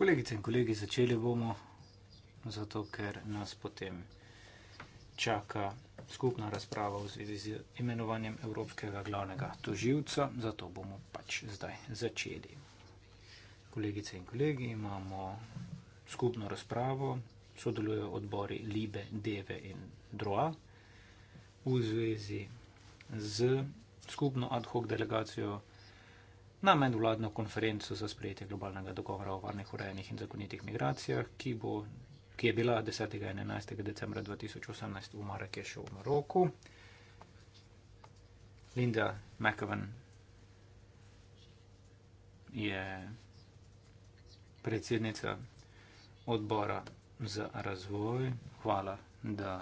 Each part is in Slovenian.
Kolegice in kolegi, začeli bomo zato, ker nas potem čaka skupna razprava v zvezi z imenovanjem Evropskega glavnega toživca, zato bomo pač zdaj začeli. Kolegice in kolegi, imamo skupno razpravo, sodelujejo odbori Libe, Deve in Droa v zvezi z skupno ad hoc delegacijo na medvladno konferenco za sprejetje globalnega dogovora o varnih, urejenih in zakonitih migracijah, ki, bo, ki je bila 10. in 11. decembra 2018 v Marrakešu v Maroku. Linda McEwen je predsednica odbora za razvoj. Hvala, da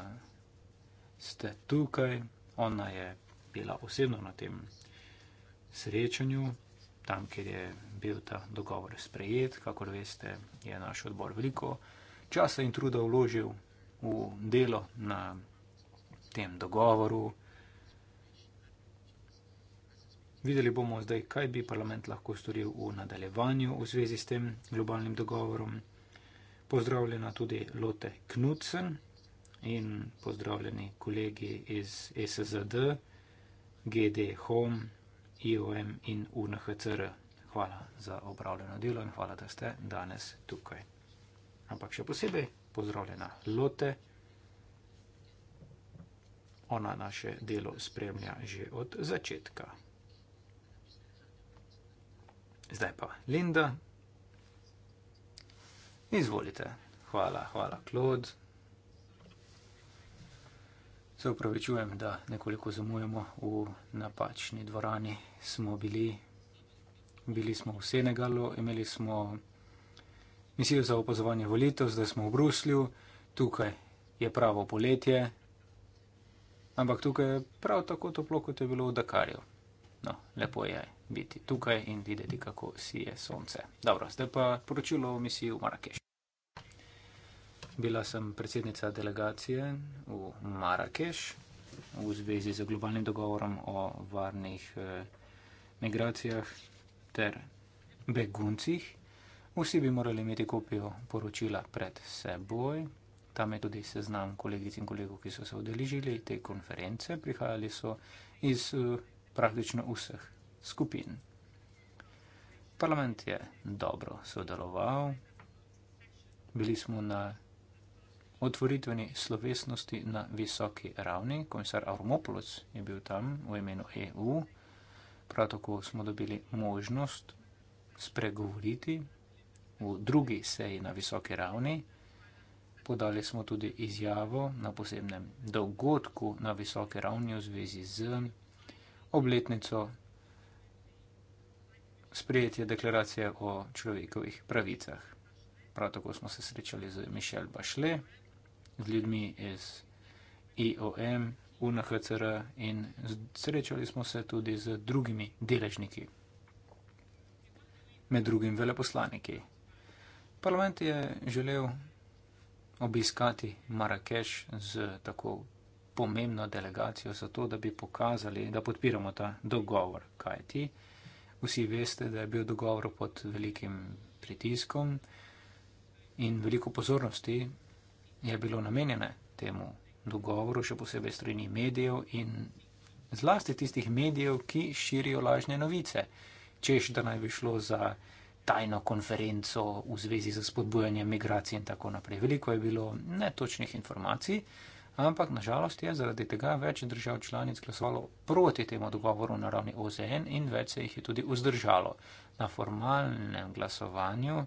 ste tukaj. Ona je bila osebno na tem srečanju tam, kjer je bil ta dogovor sprejet. Kakor veste, je naš odbor veliko časa in truda vložil v delo na tem dogovoru. Videli bomo zdaj, kaj bi parlament lahko storil v nadaljevanju v zvezi s tem globalnim dogovorom. Pozdravljena tudi Lote Knudsen in pozdravljeni kolegi iz SZD, GD Home. IOM in UNHCR. Hvala za opravljeno delo in hvala, da ste danes tukaj. Ampak še posebej pozdravljena Lote. Ona naše delo spremlja že od začetka. Zdaj pa Linda. Izvolite. Hvala, hvala, Claude. Se upravičujem, da nekoliko zamujamo v napačni dvorani. Smo bili, bili smo v Senegalu, imeli smo misijo za opazovanje volitev, zdaj smo v Bruslju, tukaj je pravo poletje, ampak tukaj je prav tako toplo, kot je bilo v Dakarju. No, lepo je biti tukaj in videti, kako si je sonce. Dobro, zdaj pa poročilo o misiji v Marrakešu. Bila sem predsednica delegacije v Marrakeš v zvezi z globalnim dogovorom o varnih eh, migracijah ter beguncih. Vsi bi morali imeti kopijo poročila pred seboj. Tam je tudi seznam kolegic in kolegov, ki so se odeležili te konference. Prihajali so iz eh, praktično vseh skupin. Parlament je dobro sodeloval. Bili smo na otvoritveni slovesnosti na visoki ravni. Komisar Avromopolos je bil tam v imenu EU. Prav tako smo dobili možnost spregovoriti v drugi seji na visoki ravni. Podali smo tudi izjavo na posebnem dogodku na visoki ravni v zvezi z obletnico sprejetja deklaracije o človekovih pravicah. Prav tako smo se srečali z Mišel Bašle, z ljudmi iz IOM, UNHCR in srečali smo se tudi z drugimi deležniki, med drugim veleposlaniki. Parlament je želel obiskati Marrakeš z tako pomembno delegacijo, zato da bi pokazali, da podpiramo ta dogovor. Kaj ti? Vsi veste, da je bil dogovor pod velikim pritiskom in veliko pozornosti je bilo namenjene temu dogovoru, še posebej strani medijev in zlasti tistih medijev, ki širijo lažne novice. Češ, da naj bi šlo za tajno konferenco v zvezi z spodbujanjem migracij in tako naprej. Veliko je bilo netočnih informacij, ampak nažalost je zaradi tega več držav članic glasovalo proti temu dogovoru na ravni OZN in več se jih je tudi vzdržalo. Na formalnem glasovanju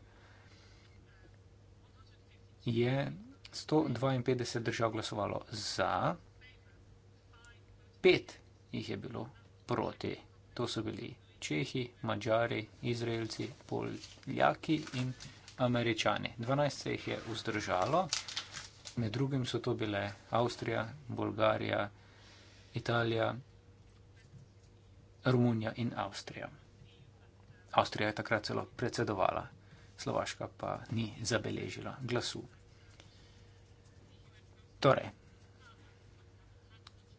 je 152 držav glasovalo za, pet jih je bilo proti. To so bili Čehi, Mačari, Izraelci, Poljaki in Američani. 12 se jih je vzdržalo, med drugim so to bile Avstrija, Bolgarija, Italija, Romunija in Avstrija. Avstrija je takrat celo predsedovala, Slovaška pa ni zabeležila glasu. Torej,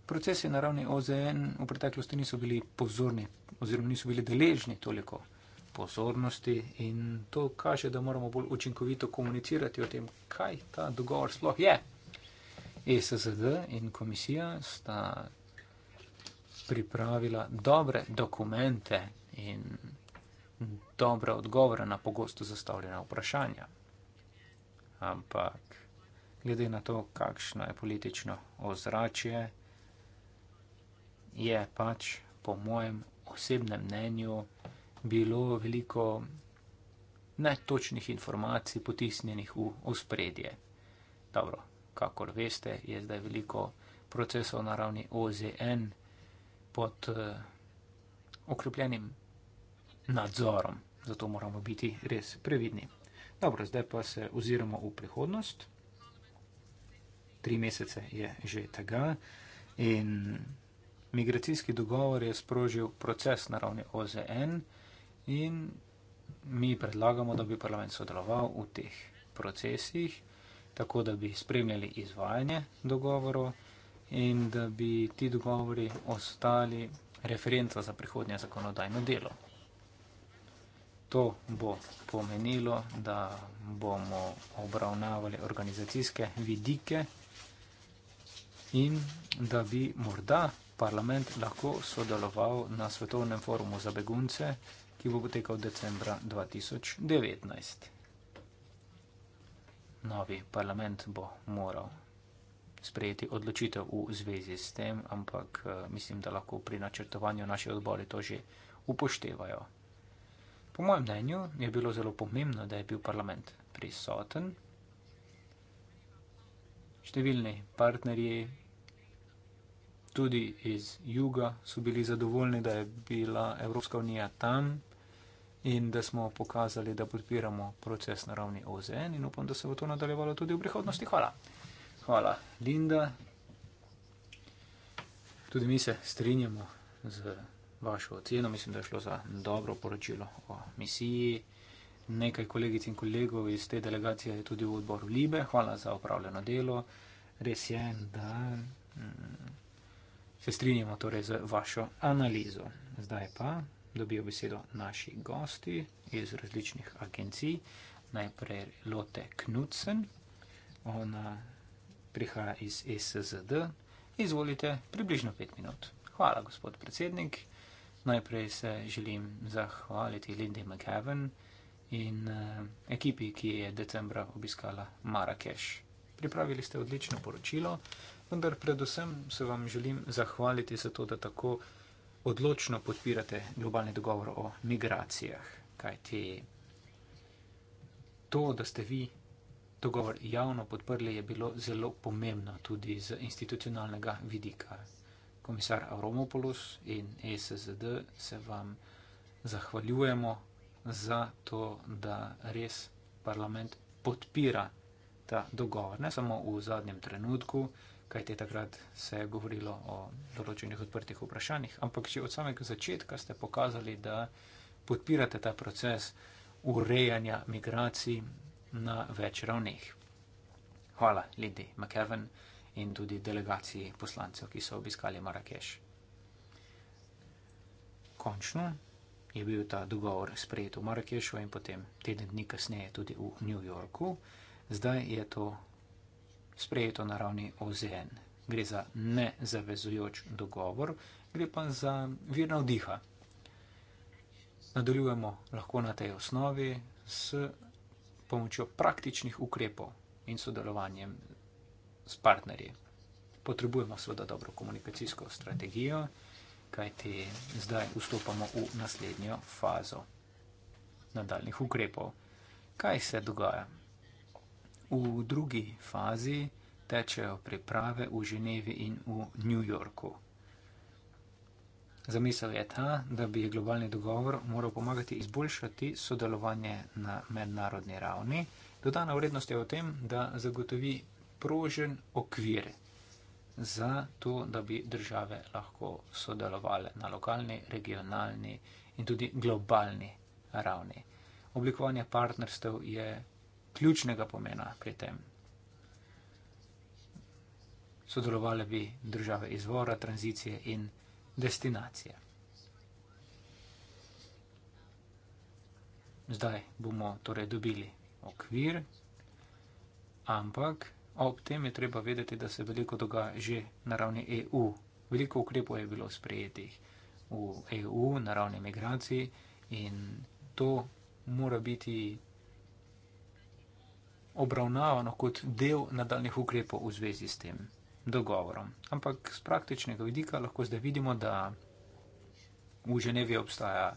procesi na ravni OZN v preteklosti niso bili pozorni oziroma niso bili deležni toliko pozornosti in to kaže, da moramo bolj učinkovito komunicirati o tem, kaj ta dogovor sploh je. ESZD in komisija sta pripravila dobre dokumente in dobre odgovore na pogosto zastavljena vprašanja. Ampak glede na to, kakšno je politično ozračje, je pač po mojem osebnem mnenju bilo veliko netočnih informacij potisnjenih v ospredje. Dobro, kakor veste, je zdaj veliko procesov na ravni OZN pod uh, okrepljenim nadzorom, zato moramo biti res previdni. Dobro, zdaj pa se oziramo v prihodnost tri mesece je že tega. In migracijski dogovor je sprožil proces na ravni OZN in mi predlagamo, da bi parlament sodeloval v teh procesih, tako da bi spremljali izvajanje dogovorov in da bi ti dogovori ostali referenca za prihodnje zakonodajno delo. To bo pomenilo, da bomo obravnavali organizacijske vidike in da bi morda parlament lahko sodeloval na svetovnem forumu za begunce, ki bo potekal decembra 2019. Novi parlament bo moral sprejeti odločitev v zvezi s tem, ampak eh, mislim, da lahko pri načrtovanju naše odbore to že upoštevajo. Po mojem mnenju je bilo zelo pomembno, da je bil parlament prisoten. Številni partnerji tudi iz juga so bili zadovoljni, da je bila Evropska unija tam in da smo pokazali, da podpiramo proces na ravni OZN in upam, da se bo to nadaljevalo tudi v prihodnosti. Hvala. Hvala, Linda. Tudi mi se strinjamo z vašo oceno. Mislim, da je šlo za dobro poročilo o misiji. Nekaj kolegic in kolegov iz te delegacije je tudi v odboru Libe. Hvala za opravljeno delo. Res je, da Se strinjamo torej z vašo analizo. Zdaj pa dobijo besedo naši gosti iz različnih agencij. Najprej Lote Knudsen, ona prihaja iz SZD. Izvolite, približno pet minut. Hvala, gospod predsednik. Najprej se želim zahvaliti Lindy McGavin in uh, ekipi, ki je decembra obiskala Marrakeš. Pripravili ste odlično poročilo, vendar predvsem se vam želim zahvaliti za to, da tako odločno podpirate globalni dogovor o migracijah. Kaj ti to, da ste vi dogovor javno podprli, je bilo zelo pomembno tudi z institucionalnega vidika. Komisar Avromopolus in e SSD se vam zahvaljujemo za to, da res parlament podpira ta dogovor. Ne samo v zadnjem trenutku, kajte takrat se je govorilo o določenih odprtih vprašanjih. Ampak že od samega začetka ste pokazali, da podpirate ta proces urejanja migracij na več ravneh. Hvala Lidi McKeven in tudi delegaciji poslancev, ki so obiskali Marrakeš. Končno je bil ta dogovor sprejet v Marrakešu in potem teden dni kasneje tudi v New Yorku. Zdaj je to sprejeto na ravni OZN. Gre za nezavezujoč dogovor, gre pa za virna vdiha. Nadaljujemo lahko na tej osnovi s pomočjo praktičnih ukrepov in sodelovanjem s partnerji. Potrebujemo seveda dobro komunikacijsko strategijo, kajti zdaj vstopamo v naslednjo fazo nadaljnih ukrepov. Kaj se dogaja? V drugi fazi tečejo priprave v Ženevi in v New Yorku. Zamisel je ta, da bi globalni dogovor moral pomagati izboljšati sodelovanje na mednarodni ravni. Dodana vrednost je v tem, da zagotovi prožen okvir za to, da bi države lahko sodelovali na lokalni, regionalni in tudi globalni ravni. Oblikovanje partnerstev je ključnega pomena pri tem. Sodelovali bi države izvora, tranzicije in destinacije. Zdaj bomo torej dobili okvir, ampak ob tem je treba vedeti, da se veliko dogaja že na ravni EU. Veliko ukrepov je bilo sprejetih v EU na ravni migracij in to mora biti obravnavano kot del nadaljnih ukrepov v zvezi s tem dogovorom. Ampak z praktičnega vidika lahko zdaj vidimo, da v Ženevi obstaja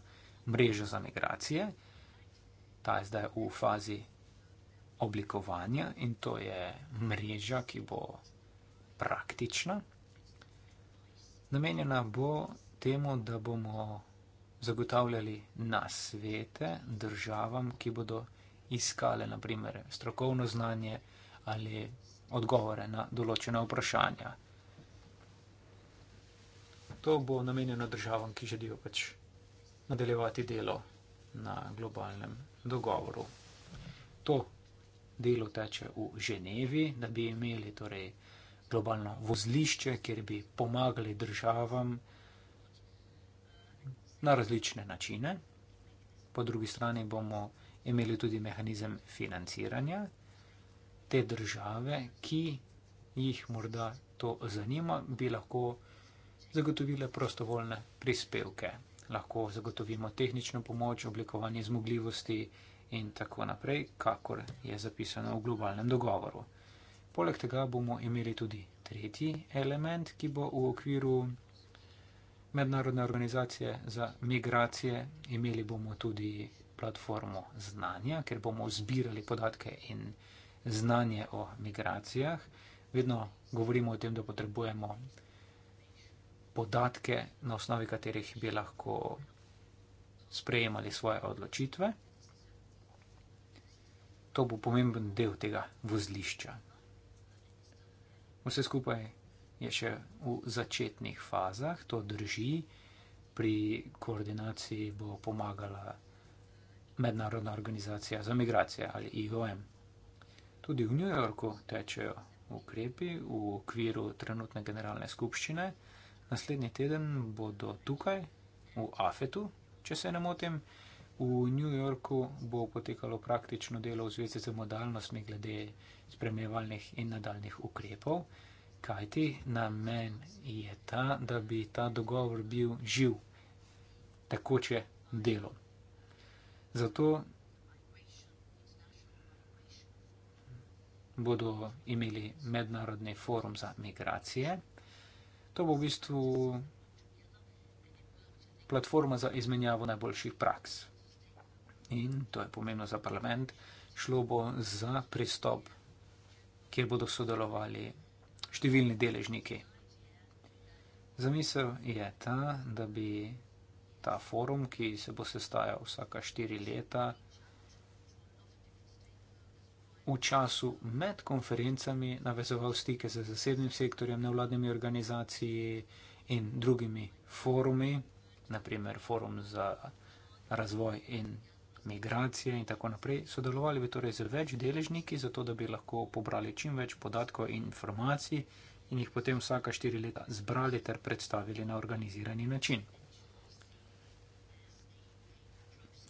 mreža za migracije, ta je zdaj v fazi oblikovanja in to je mreža, ki bo praktična. Namenjena bo temu, da bomo zagotavljali nasvete državam, ki bodo iskale naprimer, strokovno znanje ali odgovore na določena vprašanja. To bo namenjeno državam, ki želijo pač nadaljevati delo na globalnem dogovoru. To delo teče v Ženevi, da bi imeli torej globalno vozlišče, kjer bi pomagali državam na različne načine. Po drugi strani bomo imeli tudi mehanizem financiranja te države, ki jih morda to zanima, bi lahko zagotovile prostovoljne prispevke. Lahko zagotovimo tehnično pomoč, oblikovanje zmogljivosti in tako naprej, kakor je zapisano v globalnem dogovoru. Poleg tega bomo imeli tudi tretji element, ki bo v okviru mednarodne organizacije za migracije. Imeli bomo tudi platformo znanja, kjer bomo zbirali podatke in znanje o migracijah. Vedno govorimo o tem, da potrebujemo podatke, na osnovi katerih bi lahko sprejemali svoje odločitve. To bo pomemben del tega vozlišča. Vse skupaj je še v začetnih fazah, to drži. Pri koordinaciji bo pomagala mednarodna organizacija za migracije ali IOM. Tudi v New Yorku tečejo ukrepi v okviru trenutne generalne skupščine. Naslednji teden bodo tukaj, v Afetu, če se ne motim. V New Yorku bo potekalo praktično delo v zvezi z modalnostmi glede spremljevalnih in nadaljnih ukrepov, kajti namen je ta, da bi ta dogovor bil živ, takoče delo. Zato bodo imeli mednarodni forum za migracije. To bo v bistvu platforma za izmenjavo najboljših praks. In to je pomembno za parlament, šlo bo za pristop, kjer bodo sodelovali številni deležniki. Zamisel je ta, da bi ta forum, ki se bo sestajal vsaka štiri leta. V času med konferencami navezoval stike z zasebnim sektorjem, nevladnimi organizacijami in drugimi forumi, naprimer forum za razvoj in migracije in tako naprej. Sodelovali bi torej z več deležniki, zato da bi lahko pobrali čim več podatkov in informacij in jih potem vsaka štiri leta zbrali ter predstavili na organizirani način.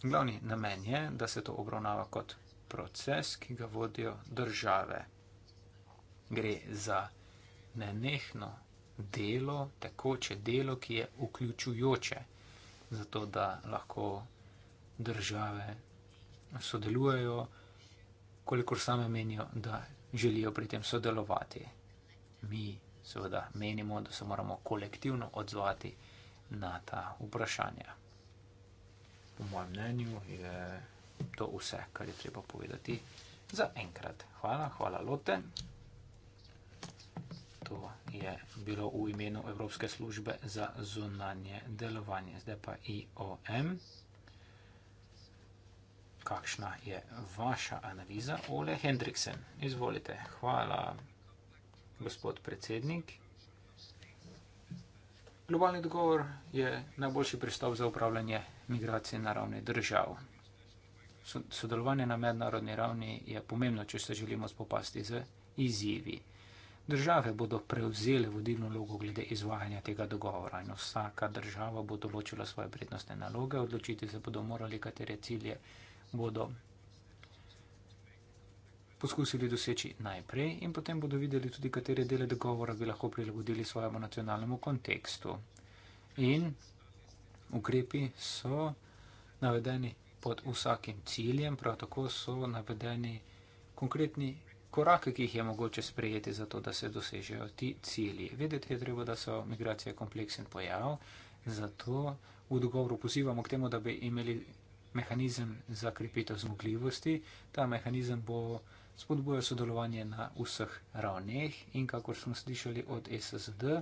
Glavni namen je, da se to obravnava kot proces, ki ga vodijo države. Gre za nenehno delo, tekoče delo, ki je vključujoče, zato da lahko države sodelujejo, kolikor same menijo, da želijo pri tem sodelovati. Mi seveda menimo, da se moramo kolektivno odzvati na ta vprašanja po mojem mnenju, je to vse, kar je treba povedati za enkrat. Hvala, hvala Lote. To je bilo v imenu Evropske službe za zunanje delovanje, zdaj pa IOM. Kakšna je vaša analiza? Ole Hendriksen, izvolite. Hvala, gospod predsednik. Globalni dogovor je najboljši pristop za upravljanje migracije na ravni držav. Sodelovanje na mednarodni ravni je pomembno, če se želimo spopasti z izzivi. Države bodo prevzele vodilno logo glede izvajanja tega dogovora in vsaka država bo določila svoje prednostne naloge, odločiti se bodo morali, katere cilje bodo poskusili doseči najprej in potem bodo videli tudi, katere dele dogovora bi lahko prilagodili svojemu nacionalnemu kontekstu. In ukrepi so navedeni pod vsakim ciljem, prav tako so navedeni konkretni korake, ki jih je mogoče sprejeti za to, da se dosežejo ti cilji. Vedeti je treba, da so migracije kompleksen pojav, zato v dogovoru pozivamo k temu, da bi imeli mehanizem za krepitev zmogljivosti. Ta mehanizem bo spodbujajo sodelovanje na vseh ravneh in kakor smo slišali od SSD,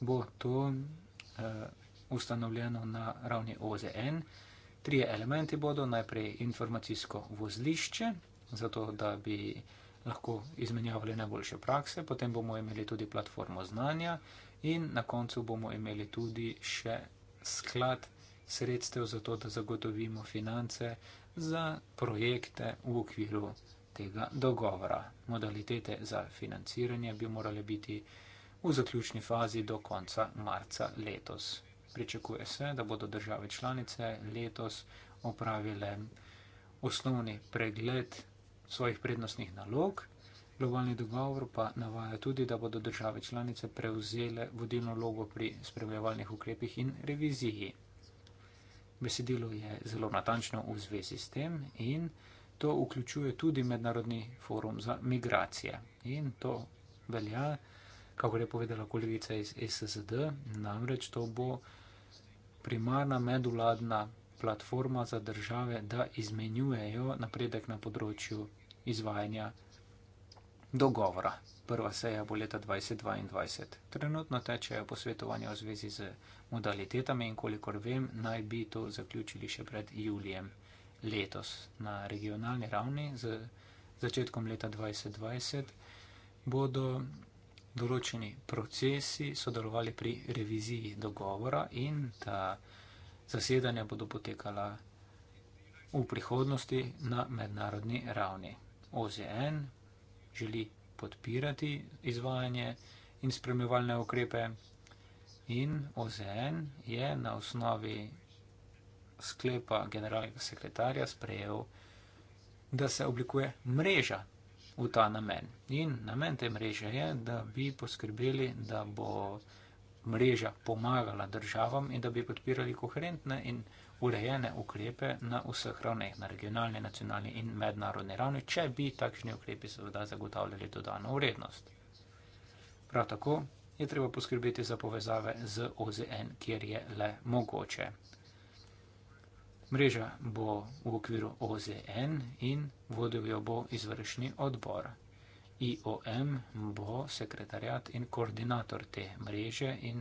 bo to uh, ustanovljeno na ravni OZN. Trije elementi bodo najprej informacijsko vozlišče, zato da bi lahko izmenjavali najboljše prakse, potem bomo imeli tudi platformo znanja in na koncu bomo imeli tudi še sklad sredstev za to, da zagotovimo finance za projekte v okviru tega dogovora. Modalitete za financiranje bi morale biti v zaključni fazi do konca marca letos. Pričakuje se, da bodo države članice letos opravile osnovni pregled svojih prednostnih nalog. Globalni dogovor pa navaja tudi, da bodo države članice prevzele vodilno logo pri spremljevalnih ukrepih in reviziji. Besedilo je zelo natančno v zvezi s tem in to vključuje tudi mednarodni forum za migracije. In to velja, kako je povedala kolegica iz SSD, namreč to bo primarna medvladna platforma za države, da izmenjujejo napredek na področju izvajanja dogovora. Prva seja bo leta 2022. Trenutno tečejo posvetovanja v zvezi z modalitetami in kolikor vem, naj bi to zaključili še pred julijem letos na regionalni ravni, z začetkom leta 2020, bodo določeni procesi sodelovali pri reviziji dogovora in ta zasedanja bodo potekala v prihodnosti na mednarodni ravni. OZN želi podpirati izvajanje in spremljevalne ukrepe in OZN je na osnovi sklepa generalnega sekretarja sprejel, da se oblikuje mreža v ta namen. In namen te mreže je, da bi poskrbeli, da bo mreža pomagala državam in da bi podpirali koherentne in urejene ukrepe na vseh ravneh, na regionalni, nacionalni in mednarodni ravni, če bi takšni ukrepi seveda zagotavljali dodano vrednost. Prav tako je treba poskrbeti za povezave z OZN, kjer je le mogoče. Mreža bo v okviru OZN in vodil jo bo izvršni odbor. IOM bo sekretarjat in koordinator te mreže in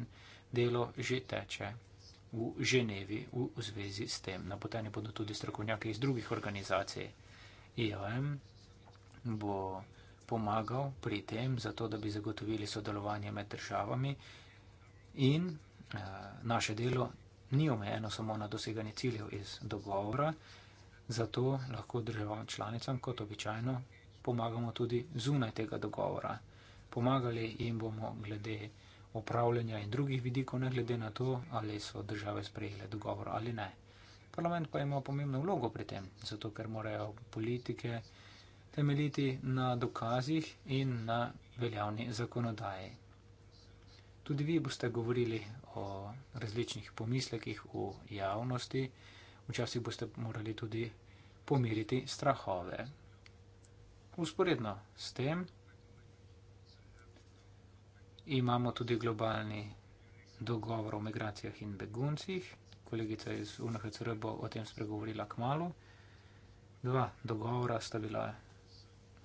delo že teče v Ženevi v zvezi s tem. Napoteni bodo tudi strokovnjaki iz drugih organizacij. IOM bo pomagal pri tem, zato da bi zagotovili sodelovanje med državami in eh, naše delo ni omejeno samo na doseganje ciljev iz dogovora, zato lahko državam članicam, kot običajno, pomagamo tudi zunaj tega dogovora. Pomagali jim bomo glede upravljanja in drugih vidikov, ne glede na to, ali so države sprejele dogovor ali ne. Parlament pa ima pomembno vlogo pri tem, zato ker morajo politike temeljiti na dokazih in na veljavni zakonodaji. Tudi vi boste govorili o različnih pomislekih v javnosti, včasih boste morali tudi pomiriti strahove. Usporedno s tem imamo tudi globalni dogovor o migracijah in beguncih. Kolegica iz UNHCR bo o tem spregovorila k malu. Dva dogovora sta bila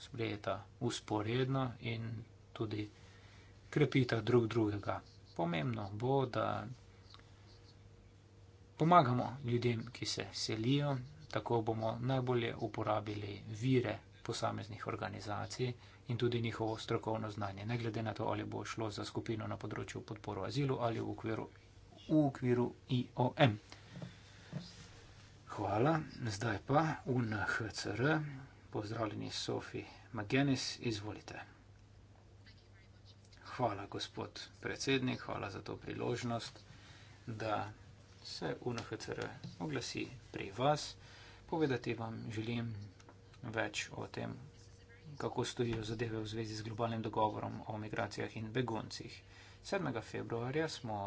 sprejeta usporedno in tudi krepita drug drugega. Pomembno bo, da pomagamo ljudem, ki se selijo, tako bomo najbolje uporabili vire posameznih organizacij in tudi njihovo strokovno znanje, ne glede na to, ali bo šlo za skupino na področju podporo azilu ali v okviru, v okviru IOM. Hvala, zdaj pa UNHCR. Pozdravljeni, Sofi Magenis, izvolite. Hvala, gospod predsednik, hvala za to priložnost, da se UNHCR oglasi pri vas. Povedati vam želim več o tem, kako stojijo zadeve v zvezi z globalnim dogovorom o migracijah in beguncih. 7. februarja smo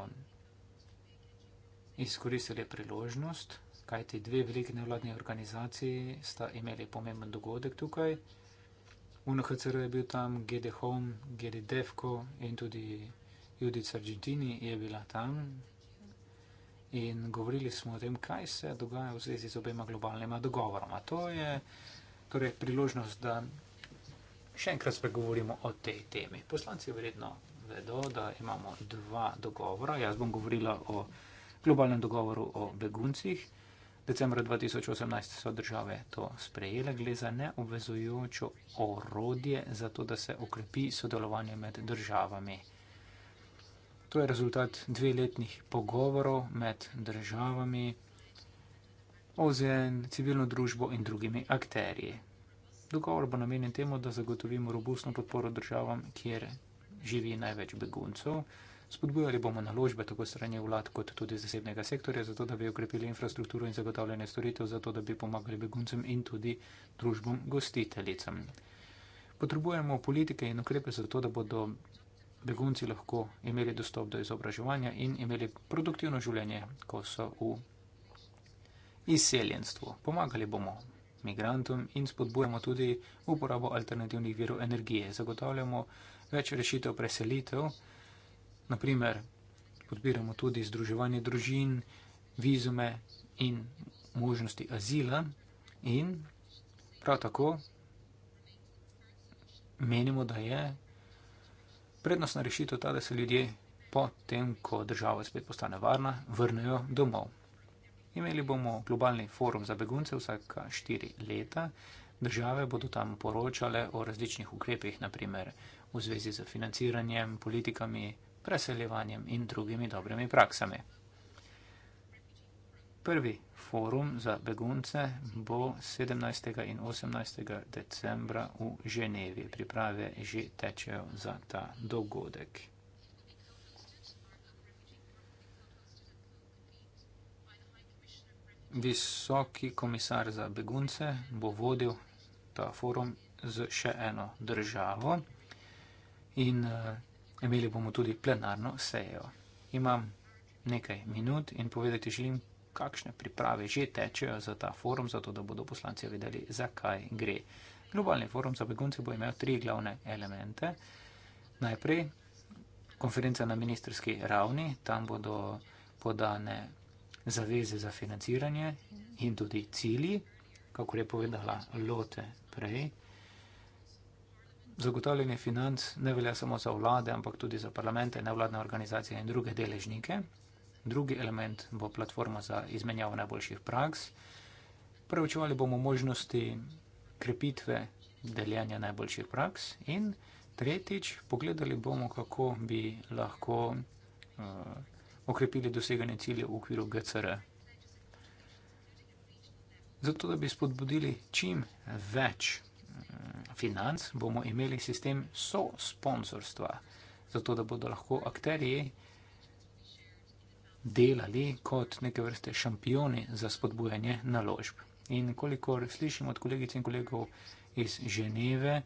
izkoristili priložnost, kajti dve velike nevladne organizacije sta imeli pomemben dogodek tukaj. V NHCR-u je bil tam Gede Holm, Gede Defko in tudi Judica Argentini je bila tam. In govorili smo o tem, kaj se dogaja v zvezi z obema globalnima dogovoroma. To je torej priložnost, da še enkrat spregovorimo o tej temi. Poslanci verjetno vedo, da imamo dva dogovora. Jaz bom govorila o globalnem dogovoru o beguncih. Decembra 2018 so države to sprejele, gre za neobvezujočo orodje za to, da se okrepi sodelovanje med državami. To je rezultat dveletnih pogovorov med državami, OZN, civilno družbo in drugimi akterji. Dogovor bo namenjen temu, da zagotovimo robustno podporo državam, kjer živi največ beguncov. Spodbujali bomo naložbe tako strani vlad kot tudi zasebnega sektorja, zato da bi okrepili infrastrukturo in zagotavljanje storitev, zato da bi pomagali beguncem in tudi družbom gostiteljicam. Potrebujemo politike in ukrepe zato, da bodo begunci lahko imeli dostop do izobraževanja in imeli produktivno življenje, ko so v izseljenstvu. Pomagali bomo migrantom in spodbujamo tudi uporabo alternativnih virov energije. Zagotavljamo več rešitev preselitev. Naprimer, podpiramo tudi združevanje družin, vizume in možnosti azila in prav tako menimo, da je prednostna rešitev ta, da se ljudje potem, ko država spet postane varna, vrnejo domov. Imeli bomo globalni forum za begunce vsaka štiri leta. Države bodo tam poročale o različnih ukrepih, naprimer v zvezi z financiranjem, politikami, preseljevanjem in drugimi dobrimi praksami. Prvi forum za begunce bo 17. in 18. decembra v Ženevi. Priprave že tečejo za ta dogodek. Visoki komisar za begunce bo vodil ta forum z še eno državo in eh, imeli bomo tudi plenarno sejo. Imam nekaj minut in povedati želim, kakšne priprave že tečejo za ta forum, zato da bodo poslanci vedeli, zakaj gre. Globalni forum za begunce bo imel tri glavne elemente. Najprej konferenca na ministerski ravni, tam bodo podane zaveze za financiranje in tudi cilji, kako je povedala Lote prej zagotavljanje financ ne velja samo za vlade, ampak tudi za parlamente, nevladne organizacije in druge deležnike. Drugi element bo platforma za izmenjavo najboljših praks. Preučevali bomo možnosti krepitve deljanja najboljših praks in tretjič pogledali bomo, kako bi lahko uh, okrepili doseganje cilje v okviru GCR. Zato, da bi spodbudili čim več financ, bomo imeli sistem so-sponsorstva, zato da bodo lahko akteri delali kot neke vrste šampioni za spodbujanje naložb. In kolikor slišim od kolegic in kolegov iz Ženeve,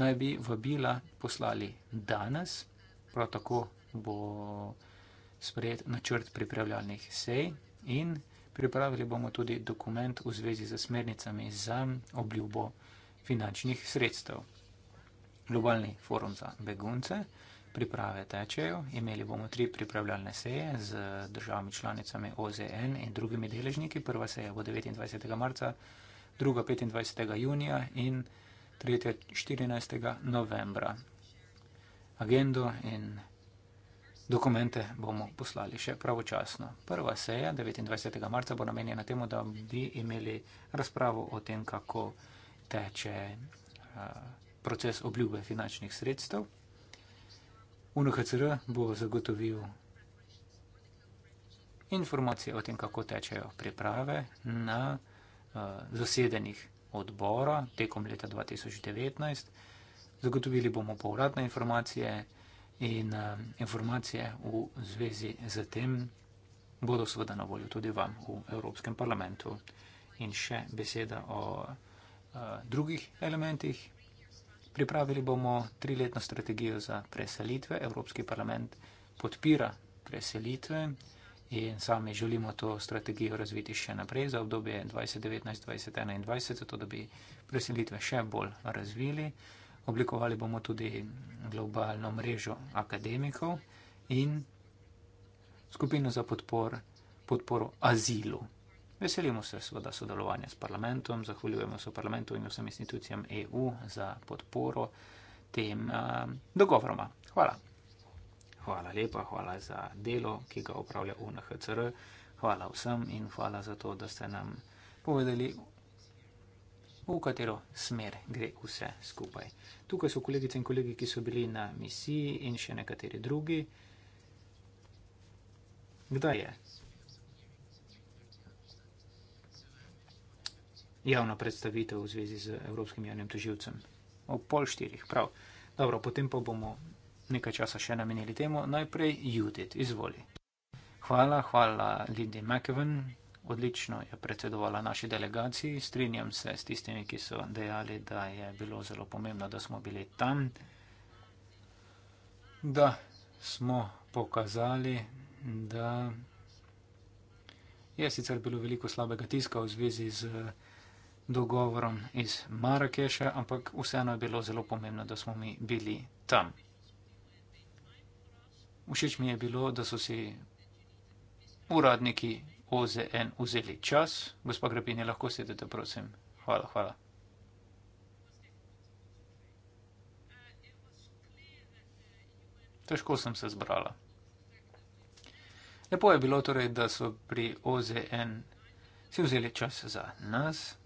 naj bi vabila poslali danes, prav tako bo sprejet načrt pripravljalnih sej in pripravili bomo tudi dokument v zvezi z smernicami za obljubo finančnih sredstev. Globalni forum za begunce, priprave tečejo, imeli bomo tri pripravljalne seje z državami članicami OZN in drugimi deležniki. Prva seja bo 29. marca, druga 25. junija in tretja 14. novembra. Agendo in dokumente bomo poslali še pravočasno. Prva seja 29. marca bo namenjena temu, da bi imeli razpravo o tem, kako teče eh, proces obljube finančnih sredstev. UNHCR bo zagotovil informacije o tem, kako tečejo priprave na eh, zasedenih odbora tekom leta 2019. Zagotovili bomo povratne informacije in eh, informacije v zvezi z tem bodo seveda na voljo tudi vam v Evropskem parlamentu. In še beseda o informacije. Eh, drugih elementih. Pripravili bomo triletno strategijo za preselitve. Evropski parlament podpira preselitve in sami želimo to strategijo razviti še naprej za obdobje 2019-2021, zato da bi preselitve še bolj razvili. Oblikovali bomo tudi globalno mrežo akademikov in skupino za podpor, podporo azilu. Veselimo se seveda sodelovanja s parlamentom, zahvaljujemo se parlamentu in vsem institucijam EU za podporo tem uh, eh, dogovorom. Hvala. Hvala lepa, hvala za delo, ki ga upravlja UNHCR. Hvala vsem in hvala za to, da ste nam povedali, v katero smer gre vse skupaj. Tukaj so kolegice in kolegi, ki so bili na misiji in še nekateri drugi. Kdaj je javna predstavitev v zvezi z Evropskim javnim tožilcem. O pol štirih, prav. Dobro, potem pa bomo nekaj časa še namenili temu. Najprej Judith, izvoli. Hvala, hvala Lindy McEwen. Odlično je predsedovala naši delegaciji. Strinjam se s tistimi, ki so dejali, da je bilo zelo pomembno, da smo bili tam, da smo pokazali, da je sicer bilo veliko slabega tiska v zvezi z dogovorom iz Marrakeša, ampak vseeno je bilo zelo pomembno, da smo mi bili tam. Všeč mi je bilo, da so si uradniki OZN vzeli čas. Gospa Grabinje, lahko sedete, prosim. Hvala, hvala. Težko sem se zbrala. Lepo je bilo torej, da so pri OZN si vzeli čas za nas.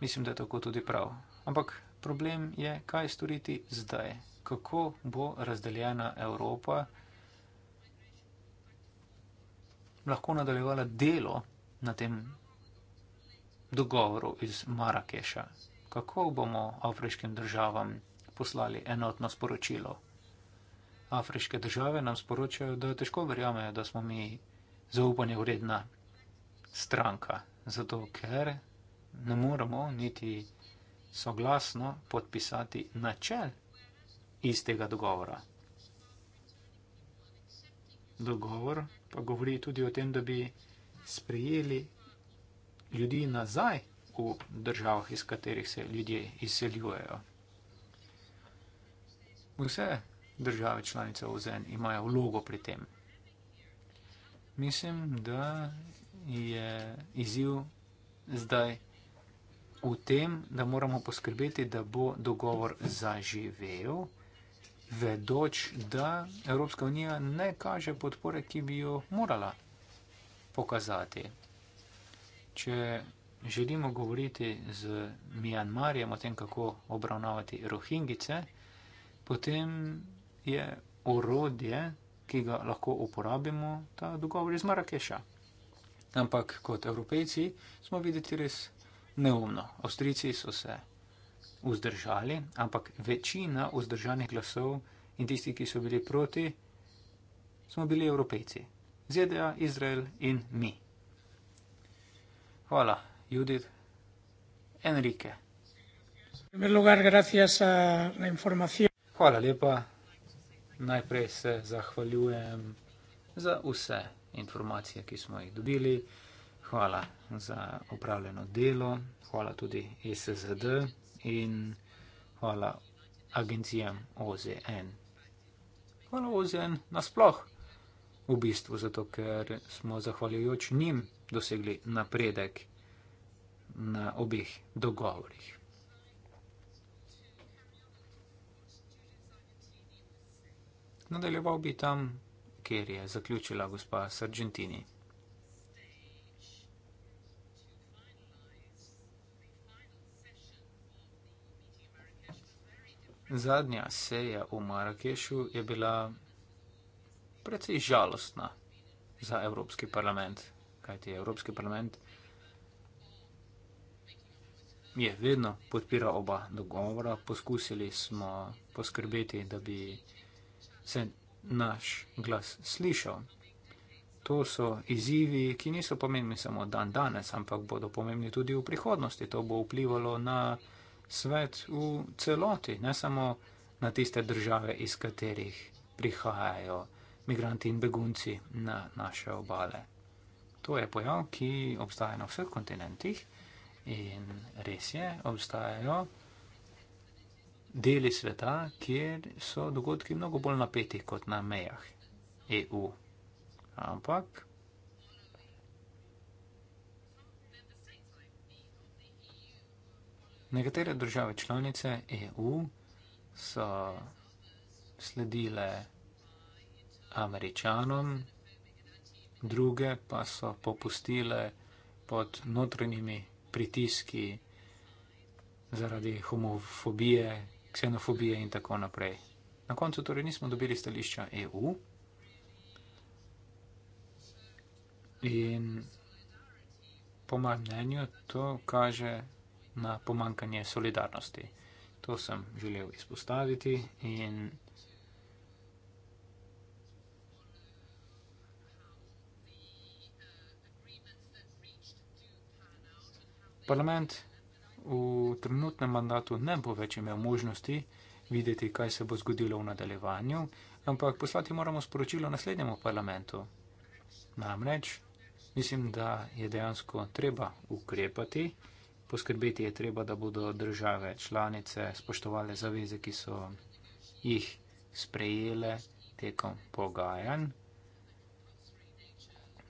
Mislim, da je tako tudi prav. Ampak problem je, kaj storiti zdaj, kako bo razdeljena Evropa lahko nadaljevala delo na tem dogovoru iz Marrakeša. Kako bomo afriškim državam poslali enotno sporočilo? Afriške države nam sporočajo, da težko verjamejo, da smo mi zaupanje vredna stranka, zato ker ne moremo niti soglasno podpisati načel istega dogovora. Dogovor pa govori tudi o tem, da bi sprejeli ljudi nazaj v državah, iz katerih se ljudje izseljujejo. Vse države članice OZN imajo vlogo pri tem. Mislim, da je izziv zdaj v tem, da moramo poskrbeti, da bo dogovor zaživel, vedoč, da Evropska unija ne kaže podpore, ki bi jo morala pokazati. Če želimo govoriti z Mjanmarjem o tem, kako obravnavati rohingice, potem je orodje, ki ga lahko uporabimo, ta dogovor iz Marakeša. Ampak kot evropejci smo videti res neumno. Avstrijci so se vzdržali, ampak večina vzdržanih glasov in tisti, ki so bili proti, smo bili evropejci. ZDA, Izrael in mi. Hvala, Judith. Enrique. Hvala lepa. Najprej se zahvaljujem za vse informacije, ki smo jih dobili hvala za upravljeno delo, hvala tudi SSD in hvala agencijam OZN. Hvala OZN nasploh, v bistvu zato, ker smo zahvaljujoč njim dosegli napredek na obeh dogovorih. Nadaljeval bi tam, kjer je zaključila gospa Sargentini. Zadnja seja v Marrakešu je bila precej žalostna za Evropski parlament, kajti Evropski parlament je vedno podpira oba dogovora. Poskusili smo poskrbeti, da bi se naš glas slišal. To so izzivi, ki niso pomembni samo dan danes, ampak bodo pomembni tudi v prihodnosti. To bo vplivalo na svet v celoti, ne samo na tiste države, iz katerih prihajajo migranti in begunci na naše obale. To je pojav, ki obstaja na vseh kontinentih in res je, obstajajo deli sveta, kjer so dogodki mnogo bolj napeti kot na mejah EU. Ampak Nekatere države članice EU so sledile američanom, druge pa so popustile pod notranjimi pritiski zaradi homofobije, ksenofobije in tako naprej. Na koncu torej nismo dobili stališča EU in po mojem mnenju to kaže na pomankanje solidarnosti. To sem želel izpostaviti in parlament v trenutnem mandatu ne bo več imel možnosti videti, kaj se bo zgodilo v nadaljevanju, ampak poslati moramo sporočilo naslednjemu parlamentu. Namreč, mislim, da je dejansko treba ukrepati poskrbeti je treba, da bodo države članice spoštovali zaveze, ki so jih sprejele tekom pogajanj,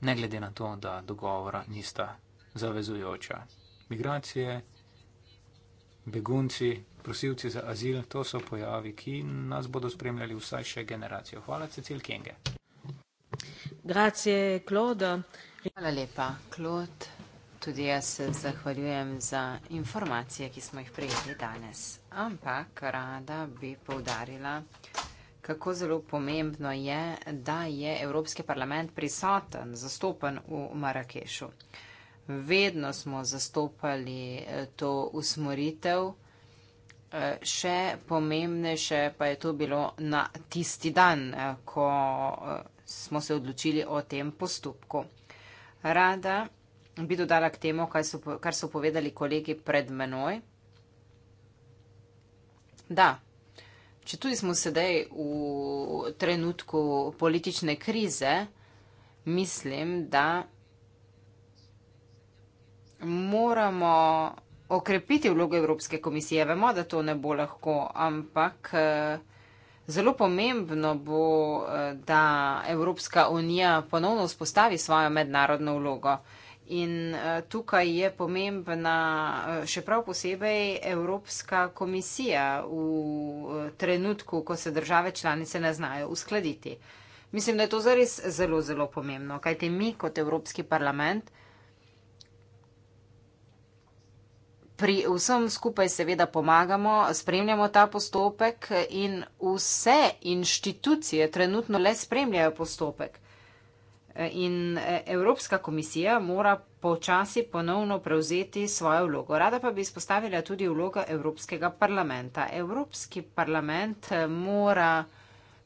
ne glede na to, da dogovora nista zavezujoča. Migracije, begunci, prosilci za azil, to so pojavi, ki nas bodo spremljali vsaj še generacijo. Hvala, Cecil Kenge. Grazie, Claude. Hvala lepa, Claude tudi jaz se zahvaljujem za informacije, ki smo jih prejeli danes. Ampak rada bi povdarila, kako zelo pomembno je, da je Evropski parlament prisoten, zastopan v Marakešu. Vedno smo zastopali eh, to usmoritev, eh, še pomembnejše pa je to bilo na tisti dan, eh, ko smo se odločili o tem postopku. Rada bi dodala k temu, kar so, kar so povedali kolegi pred menoj. Da, če tudi smo sedaj v trenutku politične krize, mislim, da moramo okrepiti vlogo Evropske komisije. Vemo, da to ne bo lahko, ampak eh, zelo pomembno bo, eh, da Evropska unija ponovno vzpostavi svojo mednarodno vlogo. In eh, tukaj je pomembna eh, še prav posebej Evropska komisija v eh, trenutku, ko se države članice ne znajo uskladiti. Mislim, da je to zares zelo, zelo pomembno, kajte mi kot Evropski parlament pri vsem skupaj seveda pomagamo, spremljamo ta postopek in vse inštitucije trenutno le spremljajo postopek in eh, Evropska komisija mora počasi ponovno prevzeti svojo vlogo. Rada pa bi izpostavila tudi vlogo Evropskega parlamenta. Evropski parlament eh, mora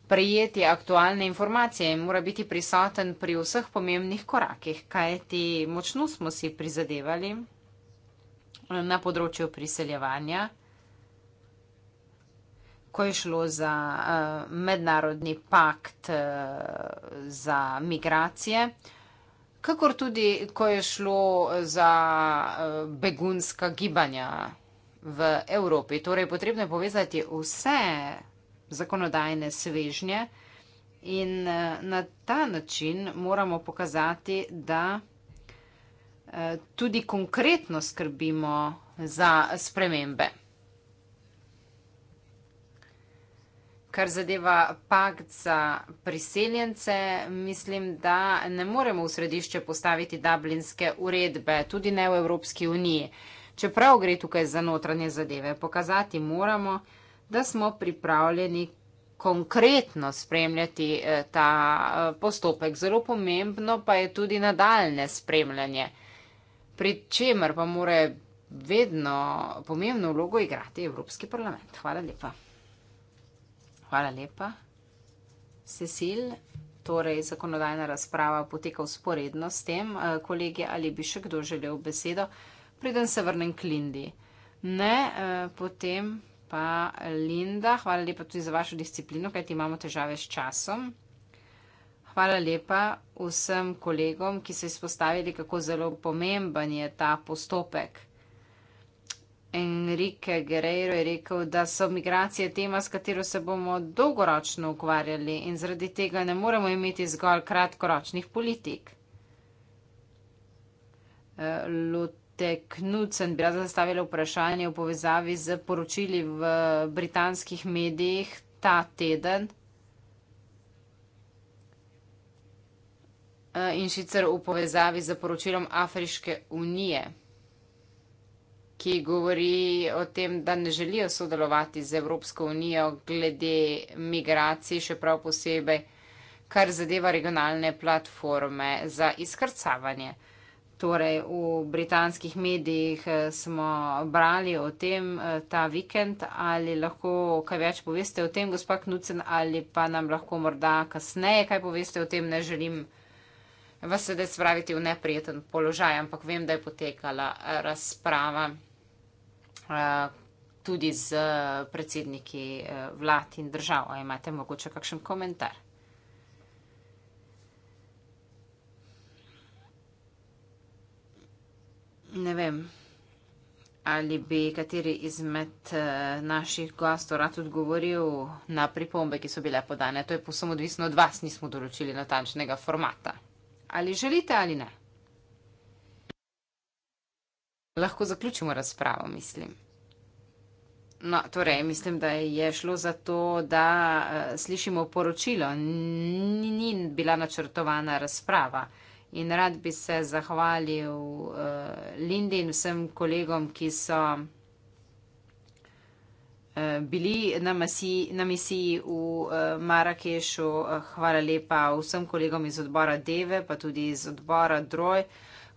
prejeti aktualne informacije in mora biti prisoten pri vseh pomembnih korakih, kajti močno smo si prizadevali eh, na področju priseljevanja ko je šlo za uh, mednarodni pakt uh, za migracije, kakor tudi, ko je šlo za uh, begunska gibanja v Evropi. Torej, potrebno je povezati vse zakonodajne svežnje in uh, na ta način moramo pokazati, da uh, tudi konkretno skrbimo za spremembe. kar zadeva pakt za priseljence, mislim, da ne moremo v središče postaviti dublinske uredbe, tudi ne v Evropski uniji. Čeprav gre tukaj za notranje zadeve, pokazati moramo, da smo pripravljeni konkretno spremljati eh, ta eh, postopek. Zelo pomembno pa je tudi nadaljne spremljanje, pri čemer pa more vedno pomembno vlogo igrati Evropski parlament. Hvala lepa. Hvala lepa. Cecil, torej zakonodajna razprava poteka usporedno s tem. Eh, kolegi, ali bi še kdo želel besedo? Preden se vrnem k Lindi. Ne, eh, potem pa Linda, hvala lepa tudi za vašo disciplino, kajti imamo težave s časom. Hvala lepa vsem kolegom, ki so izpostavili, kako zelo pomemben je ta postopek. Enrique Guerrero je rekel, da so migracije tema, s katero se bomo dolgoročno ukvarjali in zaradi tega ne moremo imeti zgolj kratkoročnih politik. Lute Knudsen bi rad zastavila vprašanje v povezavi z poročili v britanskih medijih ta teden. In sicer v povezavi z poročilom Afriške unije ki govori o tem, da ne želijo sodelovati z Evropsko unijo glede migracij, še prav posebej, kar zadeva regionalne platforme za izkrcavanje. Torej, v britanskih medijih eh, smo brali o tem eh, ta vikend, ali lahko kaj več poveste o tem, gospa Knudsen, ali pa nam lahko morda kasneje kaj poveste o tem, ne želim vas sedaj spraviti v neprijeten položaj, ampak vem, da je potekala eh, razprava. Eh, tudi z eh, predsedniki eh, vlad in držav. A imate mogoče kakšen komentar? Ne vem, ali bi kateri izmed naših gostov rad odgovoril na pripombe, ki so bile podane. To je posebno odvisno od vas, nismo določili natančnega formata. Ali želite ali ne? lahko zaključimo razpravo, mislim. No, torej, mislim, da je šlo za to, da uh, slišimo poročilo. N ni bila načrtovana razprava. In rad bi se zahvalil uh, Lindi in vsem kolegom, ki so uh, bili na, masi, na misiji v uh, Marakešu. Hvala lepa vsem kolegom iz odbora Deve, pa tudi iz odbora Droj. Uh,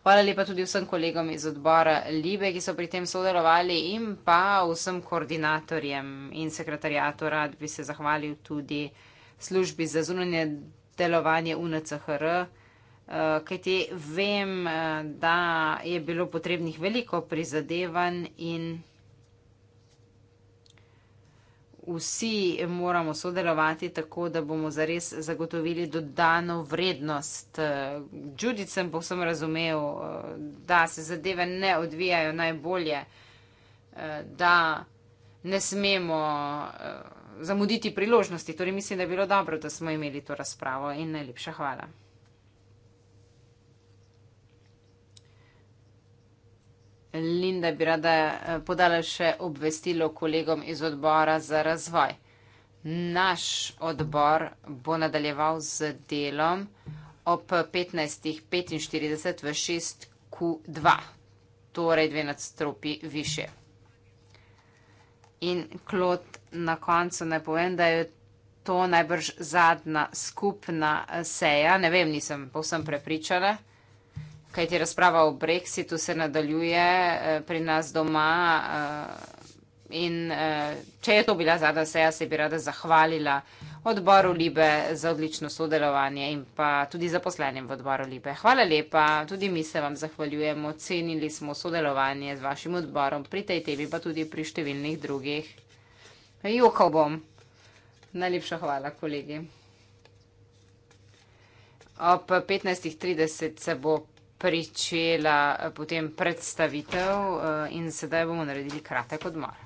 Hvala lepa tudi vsem kolegom iz odbora Libe, ki so pri tem sodelovali in pa vsem koordinatorjem in sekretarijatu. Rad bi se zahvalil tudi službi za zunanje delovanje UNCHR, eh, kajti vem, eh, da je bilo potrebnih veliko prizadevanj in vsi moramo sodelovati tako, da bomo zares zagotovili dodano vrednost. Judith sem povsem razumev, da se zadeve ne odvijajo najbolje, da ne smemo eh, zamuditi priložnosti. Torej mislim, da je bilo dobro, da smo imeli to razpravo in najlepša hvala. Linda bi rada eh, podala še obvestilo kolegom iz odbora za razvoj. Naš odbor bo nadaljeval z delom ob 15.45 v 6Q2, torej dve nadstropi više. In Klot, na koncu naj povem, da je to najbrž zadnja skupna eh, seja. Ne vem, nisem povsem prepričana kaj ti razprava o brexitu se nadaljuje eh, pri nas doma. Eh, in eh, če je to bila zadnja seja, se bi rada zahvalila odboru Libe za odlično sodelovanje in pa tudi zaposlenim v odboru Libe. Hvala lepa, tudi mi se vam zahvaljujemo, cenili smo sodelovanje z vašim odborom pri tej temi, pa tudi pri številnih drugih. Juho bom. Najlepša hvala, kolegi. Ob 15.30 se bo pričela potem predstavitev eh, in sedaj bomo naredili kratek odmor.